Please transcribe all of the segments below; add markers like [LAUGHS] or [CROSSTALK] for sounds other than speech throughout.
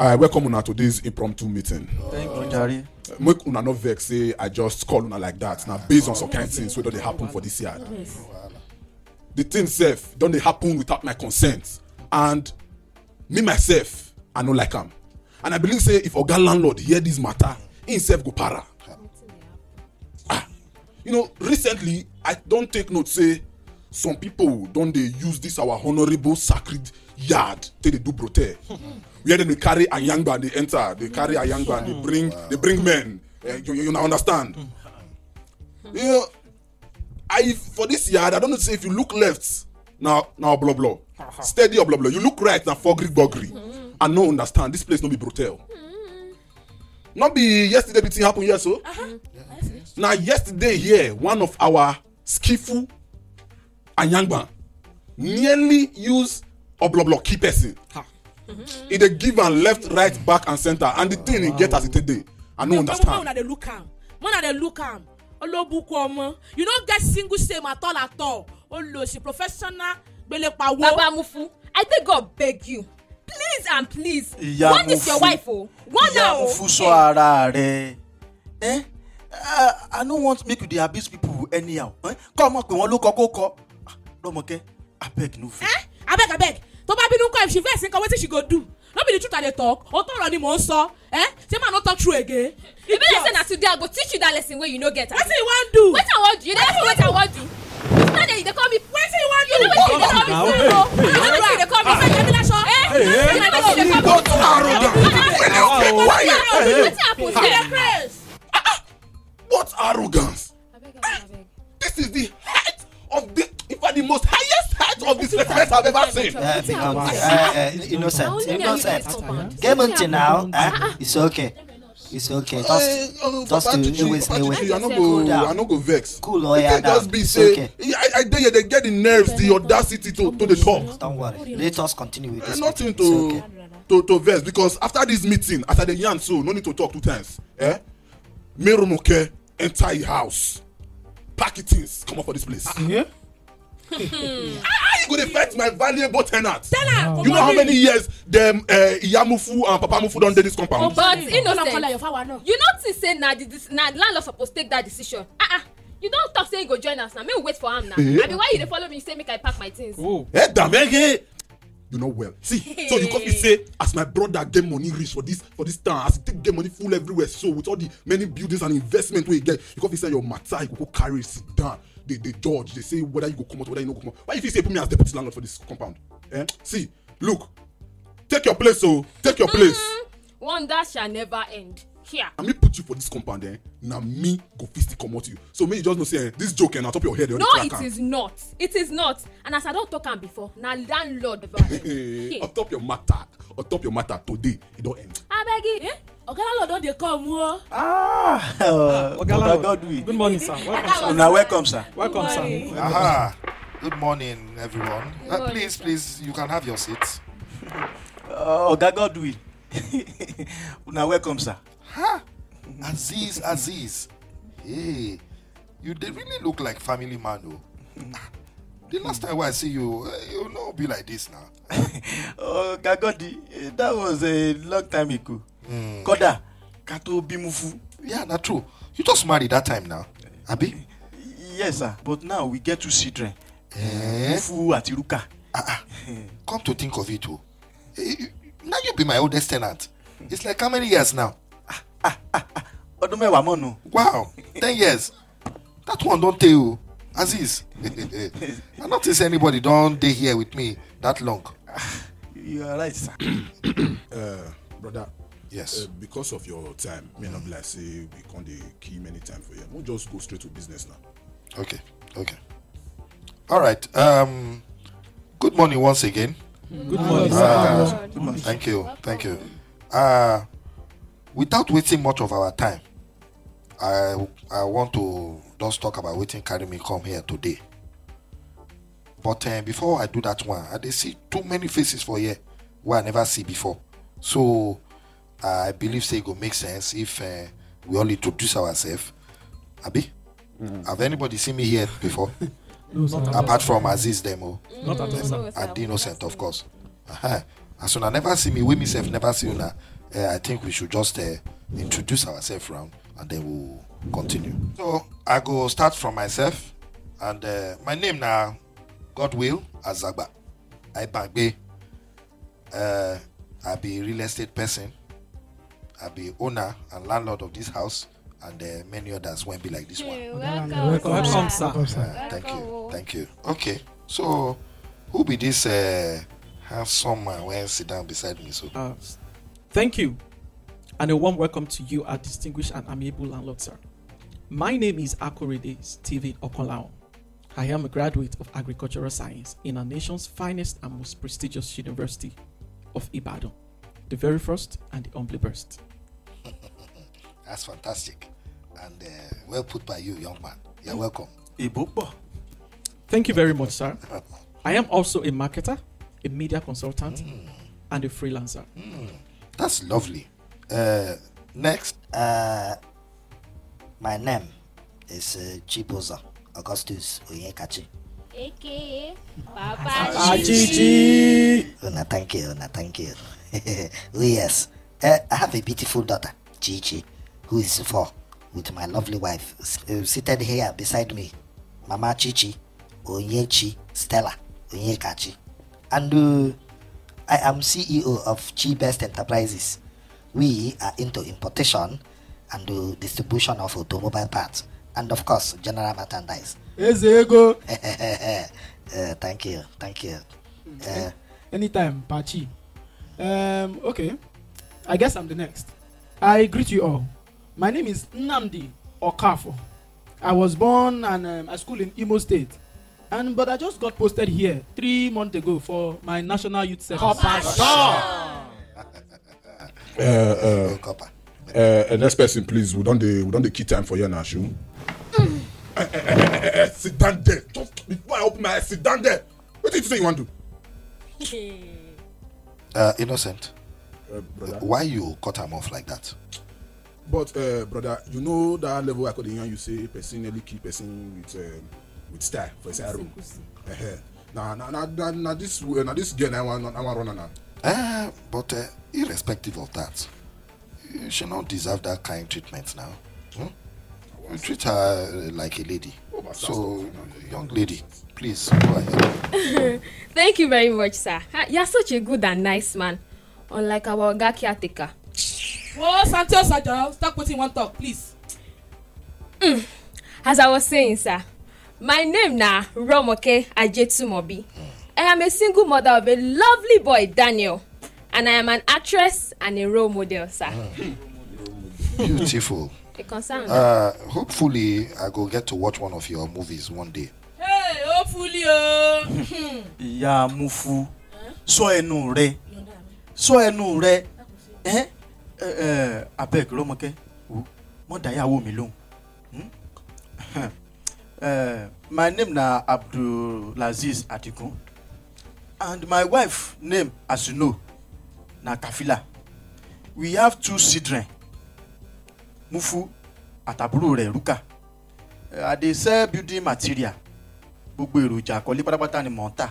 I welcome una to this impromptu meeting. Thank you, Jari. Make una no vex say I just call una like that. Now based on some kind things wey don dey happen for this yard. The thing sef don dey happen without my consent and me myself I no like am and I believe say if Oga landlord hear this matter he sef go para. Ah, you know recently I don take note say some people don dey use this our honourable sacred yard take dey do brothel. Hmm where then they carry a young man, they enter, they carry a young man, they bring, they bring men. Uh, you, you, now understand? You know, I for this yard, I don't know say if you look left now, now blah blah, uh-huh. steady or blah blah. You look right now, fogry bogry. I mm-hmm. no understand. This place no be brutal. Mm-hmm. Not be yesterday Everything happened here so. Uh-huh. Now yesterday here, one of our skifu and young man nearly use blah key person. Ha e dey give am left right back and center, and the thing e get as e take dey i no understand. when una dey look am when una dey look am olóbùkún ọmọ you no get single same at all at all olòṣì professional gbélépawo. baba mufu i take god beg you please and please ìyá mufu one is your wife o one now. o. ìyá mufu sọ ara rẹ eh? Eh, i no want make you dey abuse people anyhow eh? kọ́ ọmọ pé wọ́n ló kọ́ kó kọ́ ah, lọ́mọkẹ́ abeg no fit. Eh? abeg abeg tó bá bínú kọ́ if she vex nǹkan wetin she go do no be the truth i dey talk òótọ́ ọ̀rọ̀ ni mò ń sọ ẹ ṣé ma no talk true again. e be like say na today i go teach you that lesson wey you no get. wetin you wan do. wetin i wan do you dey ask me wetin i wan do. you know wetin you dey call me. wetin you wan do. you know wetin you dey call me solo. you know wetin you dey call me solo. you know wetin you dey call me solo. wetin happen there. what arrogance. this is the Uh, uh, innocent have ever seen. Uh, become, uh, uh, innocent innocent get money now uh, it's okay it's okay just uh, just to you, dey waste dey waste cool down i no go vex cool oya down just be say okay. i i dey here dey get the nerves the audacity to to the talk. don't worry let us continue with this uh, nothing to okay. to to vex because after this meeting after the dey yarn so no need to talk two times eh meromoke enter e house pack it in. Come comot for this place. Yeah? [LAUGHS] Ah, could affect my valuable tenants. Tenant. Wow. You know how many years them uh, and Papa Mufu don dey this compound. Oh, but innocent, you notice say na the na landlord to take that decision. Ah uh ah. -uh. you don talk say you go join us now make we wait for him now eh? I mean, why you dey follow me say make i pack my things. oh edamege eh, you know well see so you come fit [LAUGHS] say as my brother get money reach for this for this town as he take get money full everywhere so with all the many buildings and investment wey he get you come fit say your matter you go go carry sit down they, they judge, they say whether you go come or whether you no go come Why if you say put me as deputy landlord for this compound? Eh? See, look, take your place, so oh, take your place. Mm, mm-hmm. wonder shall never end. Here. I me put you for this compound, eh? Now me go fist come out you. So me you just know say eh, this joke and eh, on top your head. Eh, no, it am. Ah. is not. It is not. And as I don't talk am before, now landlord. [LAUGHS] on top your matter, on top your matter today, it e don't end. I beg you. Eh? ogalalo don dey come o. ah, ah good morning sir welcome una welcome sir. welcome sir. aha good morning everyone good uh, morning, uh, please sir. please you can have your seat. uh, oga godwin [LAUGHS] una welcome sir. ha Aziz, Aziz. hey you dey really look like family man o. Oh. Ah, the last time I see you, eh, you no be like this now. oh, Godi, that was a long time ago. Mm. kódà kato bimufu. yeah that's true you just married that time now abi. yes sir but now we get to children. mufu eh? eh, atiruka. Ah, ah. eh. come to think of it o oh. now you be my oldest tenant it's like how many years now. Ah, ọdún mẹ́wàá mọ́ wow ten years that one don't tell you, aziz [LAUGHS] i no think say anybody don dey here with me that long. you are right sir. [COUGHS] uh, brother yes uh, because of your time may not be like say we con the key many time for you. we just go straight to business now okay okay all right um good morning once again good morning uh, thank you thank you uh without wasting much of our time i i want to just talk about waiting. carry me come here today but uh, before i do that one i see too many faces for here wey i never see before so I believe say it will make sense if uh, we all introduce ourselves. Abi, mm. have anybody seen me here before? [LAUGHS] Apart from Aziz demo, oh. mm, not at all. And innocent, of course. Uh-huh. As soon as never see me, we myself never see una. Uh, I think we should just uh, introduce ourselves round, and then we'll continue. So I go start from myself, and uh, my name now, God will Azagba. I bagbe. Uh, I be real estate person. I'll be owner and landlord of this house, and uh, many others won't be like this one. Welcome, welcome, welcome sir. Welcome, sir. Uh, thank you, thank you. Okay, so who be this uh, handsome man when sit down beside me? So, uh, thank you, and a warm welcome to you, our distinguished and amiable landlord, sir. My name is Akorede Stephen Okolao. I am a graduate of agricultural science in our nation's finest and most prestigious university of Ibadan, the very first and the only best. That's fantastic. And uh, well put by you, young man. You're welcome. Ibupo. Thank you very much, sir. [LAUGHS] I am also a marketer, a media consultant, mm. and a freelancer. Mm. That's lovely. Uh, next. Uh, my name is uh, Chiboza Augustus Onyekachi. AKA Papa Chichi. Una, thank you, Una, thank you. [LAUGHS] oh, yes. Uh, I have a beautiful daughter, Chichi who is for, with my lovely wife, uh, seated here beside me, Mama Chichi, Onyechi, Stella, Onyekachi. And uh, I am CEO of Chi Best Enterprises. We are into importation and uh, distribution of automobile parts and, of course, general merchandise. Yes, go. [LAUGHS] uh, thank you. Thank you. Uh, Anytime, Pachi. Um, okay. I guess I'm the next. I greet you all. My name is Namdi Okafo. I was born and um, I school in Imo State. And but I just got posted here three months ago for my national youth service. Copper uh, uh, Copper. Uh, next person, please. We don't the we don't the key time for you national. Uh, uh, sit down there. Just before I open my eyes, sit down there. What did you say you want to do? Uh, innocent. Uh, why you cut him off like that? but uh, brother you know that level accordion you say person nearly kill person with uh, with style for inside room uh -huh. na na na na na this uh, na this girl i wan i wan run am na. Uh, but uh, irrespective of that she no deserve that kind treatment now hmm? you treat her uh, like a lady oh, so uh, young lady please go ahead. [LAUGHS] thank you very much sir you are such a good and nice man unlike our oga caretaker. Whoa, Santos Sajaro, stop putting one talk, please. Mm. As I was saying, sir, my name na Romoke Ajetumobi. I am a single mother of a lovely boy, Daniel, and I am an actress and a role model, sir. Mm. [LAUGHS] Beautiful. a concern. Uh, hopefully, I go get to watch one of your movies one day. Hey, hopefully, oh. [LAUGHS] Ìyá Mufu, sọ ẹnu rẹ, sọ ẹnu rẹ, abeg Rọ́mọkẹ́ wo mo da mi lóhùn hmm? [LAUGHS] my name na Abdulaziz Atikun and my wife name as you know na Kafila we have two children Mufu àtàbúrò rẹ̀ Ruka I dey sell building material gbogbo èròjà àkọlé pátápátá ni mò ń tà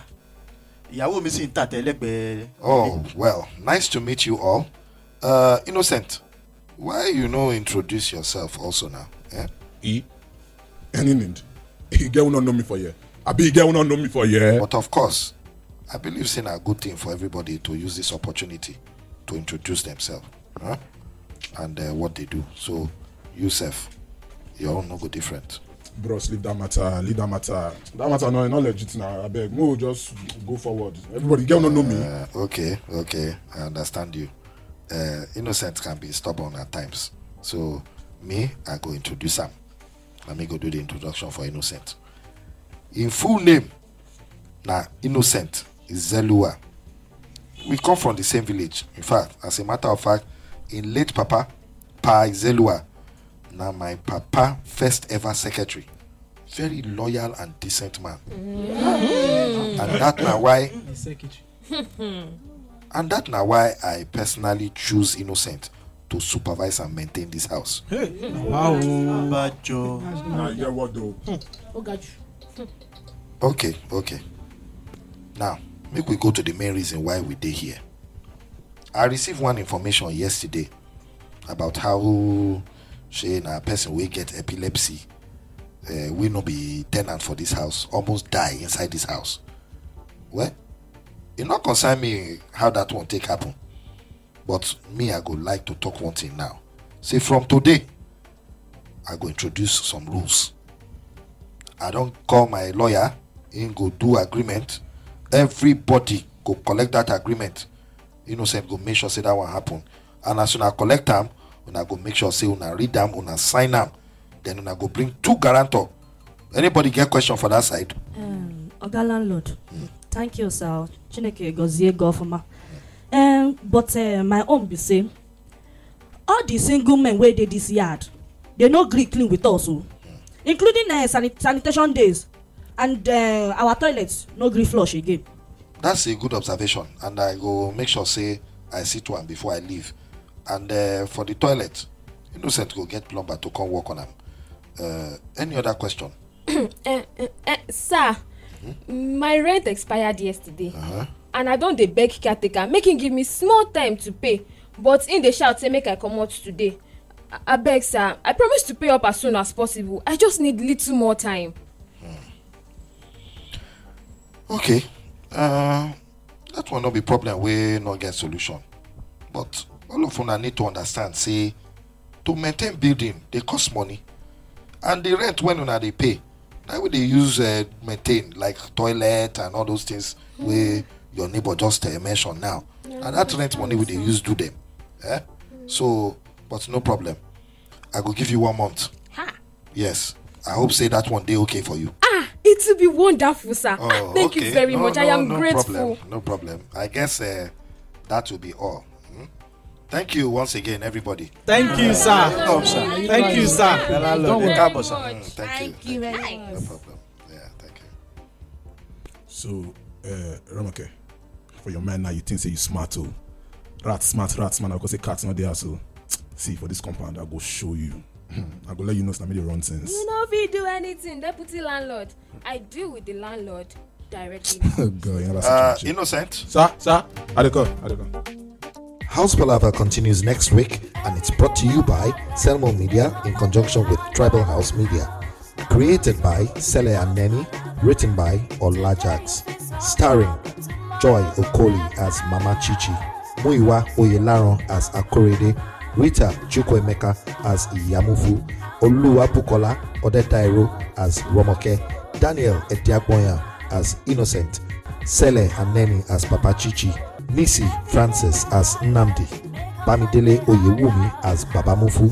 ìyàwó mi sì ń tà tẹ́lẹ̀gbẹ́. oh well nice to meet you all. Uh, innocent, why you know introduce yourself also now? Eh? E, anything. You get will not know me for year. I be get will not know me for year. But of course, I believe it's a good thing for everybody to use this opportunity to introduce themselves huh? and uh, what they do. So, Yusef, you all no go different. Bros, leave that matter, leave that matter. That matter no, not legit now. I beg, no, just go forward. Everybody, get will not know me. Uh, okay, okay, I understand you uh, innocent can be stubborn at times. So me, I go introduce him. Let me go do the introduction for innocent. In full name, now innocent is Zelua. We come from the same village. In fact, as a matter of fact, in late Papa, Pa Zelua, now my papa first ever secretary. Very loyal and decent man. Mm. And that's why wife. [LAUGHS] And that now why I personally choose Innocent to supervise and maintain this house. Hmm. Okay, okay. Now, make we go to the main reason why we did here. I received one information yesterday about how saying a person will get epilepsy uh, eh, will not be tenant for this house, almost die inside this house. What? e not concern me how that one take happen but me i go like to talk one thing now say from today i go introduce some rules i don call my lawyer him go do agreement everybody go collect that agreement You know, say go make sure say that one happen and as una collect am una go make sure say una read am una sign am then una go bring two guarantor anybody get question for that side. Um, oga landlord. Mm thank you sir chineke gọzie gị ọfụma um, but uh, my own be say all the single men where they this yard they no gree clean with us o oh. including uh, eh, sanit sanitation days and uh, our toilets no gree flush again. that's a good observation and i go make sure say i sit one before i leave and uh, for the toilet innocent go get plumber to come work on am uh, any other question. uh, uh, uh, sir my rent expired yesterday uh-huh. and i don dey beg caretaker make him give me small time to pay but him dey shout say make i comot today abeg sir i promise to pay up as soon as possible i just need little more time. Hmm. okay uh, that one no be problem wey no get solution but all of una need to understand say to maintain building dey cost money and the rent wey una dey pay Like would they use uh, maintain like toilet and all those things mm. where your neighbor just uh, mentioned now. Yeah, and that rent money would they use do them. Yeah. Mm. So, but no problem. I will give you one month. Ha. Yes. I hope say that one day okay for you. Ah, it will be wonderful, sir. Oh, Thank okay. you very no, much. No, I am no grateful. Problem. No problem. I guess uh, that will be all. Thank you once again, everybody. Thank you, sir. sir. Thank you, sir. thank, you. Mm, thank you. No problem. Yeah, thank you. So, uh, Ramake, for your man now, you think say you smart too. Oh. Rat smart, rat smart. I go say cats not there, so see for this compound, I go show you. Hmm, I go let you know some of the wrong You know if you do anything, deputy landlord. I deal with the landlord directly. oh [LAUGHS] God, you know uh, innocent. Sir, sir, I go, I go. House Palava continues next week and it's brought to you by Selmo Media in conjunction with Tribal House Media. Created by Sele Aneni, written by Olajax. Starring Joy Okoli as Mama Chichi, Muiwa Oyelaron as Akorede, Rita Chukwemeka as Iyamufu, Oluwabukola Odetairo as Romoke, Daniel Etiakboyan as Innocent, Sele Aneni as Papa Chichi, Nisi Francis as Nnamdi, Bamidele Oyewumi as Babamufu,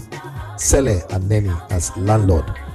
Sele Aneni as landlord,